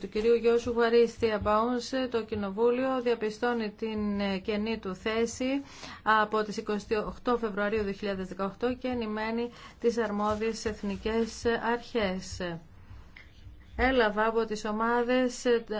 του κυρίου Γιώσου Βαρίστια Μπαούν. το Κοινοβούλιο διαπιστώνει την ε, κενή του θέση από τις 28 Φεβρουαρίου 2018 και ενημένει τις αρμόδιες εθνικές αρχές. Έλαβα από τις ομάδες ε,